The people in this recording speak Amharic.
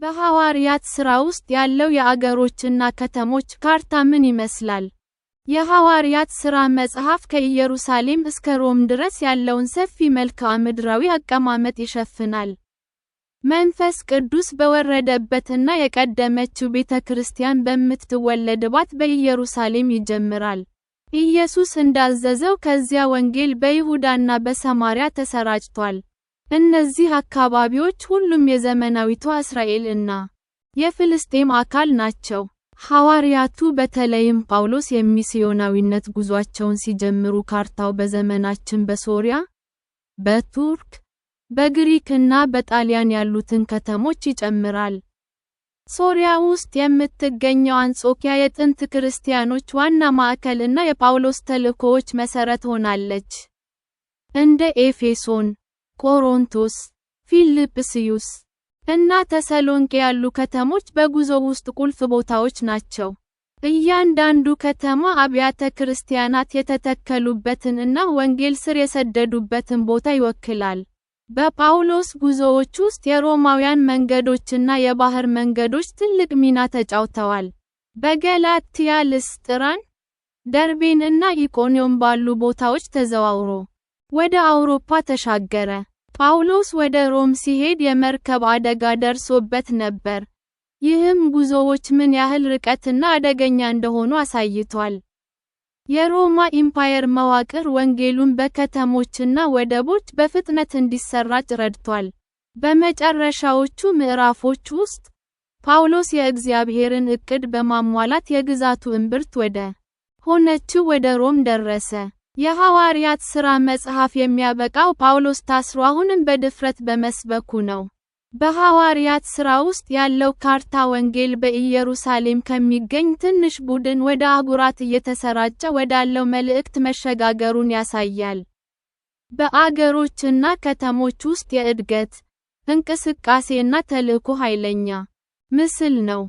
በሐዋርያት ሥራ ውስጥ ያለው የአገሮችና ከተሞች ካርታ ምን ይመስላል? የሐዋርያት ሥራ መጽሐፍ ከኢየሩሳሌም እስከ ሮም ድረስ ያለውን ሰፊ መልክዓ ምድራዊ አቀማመጥ ይሸፍናል። መንፈስ ቅዱስ በወረደበትና የቀደመችው ቤተ ክርስቲያን በምትወለድባት በኢየሩሳሌም ይጀምራል። ኢየሱስ እንዳዘዘው ከዚያ ወንጌል በይሁዳና በሰማርያ ተሰራጭቷል። እነዚህ አካባቢዎች ሁሉም የዘመናዊቷ እስራኤል እና የፍልስጤም አካል ናቸው። ሐዋርያቱ በተለይም ጳውሎስ የሚስዮናዊነት ጉዟቸውን ሲጀምሩ ካርታው በዘመናችን በሶሪያ፣ በቱርክ፣ በግሪክ እና በጣሊያን ያሉትን ከተሞች ይጨምራል። ሶሪያ ውስጥ የምትገኘው አንጾኪያ የጥንት ክርስቲያኖች ዋና ማዕከል እና የጳውሎስ ተልእኮዎች መሠረት ሆናለች። እንደ ኤፌሶን ቆሮንቶስ፣ ፊልጵስዩስ እና ተሰሎንቄ ያሉ ከተሞች በጉዞ ውስጥ ቁልፍ ቦታዎች ናቸው። እያንዳንዱ ከተማ አብያተ ክርስቲያናት የተተከሉበትን እና ወንጌል ስር የሰደዱበትን ቦታ ይወክላል። በጳውሎስ ጉዞዎች ውስጥ የሮማውያን መንገዶችና የባህር መንገዶች ትልቅ ሚና ተጫውተዋል። በገላትያ፣ ልስጥራን፣ ደርቤን እና ኢቆንዮን ባሉ ቦታዎች ተዘዋውሮ ወደ አውሮፓ ተሻገረ። ጳውሎስ ወደ ሮም ሲሄድ የመርከብ አደጋ ደርሶበት ነበር። ይህም ጉዞዎች ምን ያህል ርቀትና አደገኛ እንደሆኑ አሳይቷል። የሮማ ኢምፓየር መዋቅር ወንጌሉን በከተሞችና ወደቦች በፍጥነት እንዲሰራጭ ረድቷል። በመጨረሻዎቹ ምዕራፎች ውስጥ ጳውሎስ የእግዚአብሔርን ዕቅድ በማሟላት የግዛቱ እምብርት ወደ ሆነችው ወደ ሮም ደረሰ። የሐዋርያት ሥራ መጽሐፍ የሚያበቃው ጳውሎስ ታስሮ አሁንም በድፍረት በመስበኩ ነው። በሐዋርያት ሥራ ውስጥ ያለው ካርታ ወንጌል በኢየሩሳሌም ከሚገኝ ትንሽ ቡድን ወደ አህጉራት እየተሰራጨ ወዳለው መልእክት መሸጋገሩን ያሳያል። በአገሮችና ከተሞች ውስጥ የእድገት፣ እንቅስቃሴና ተልእኮ ኃይለኛ ምስል ነው።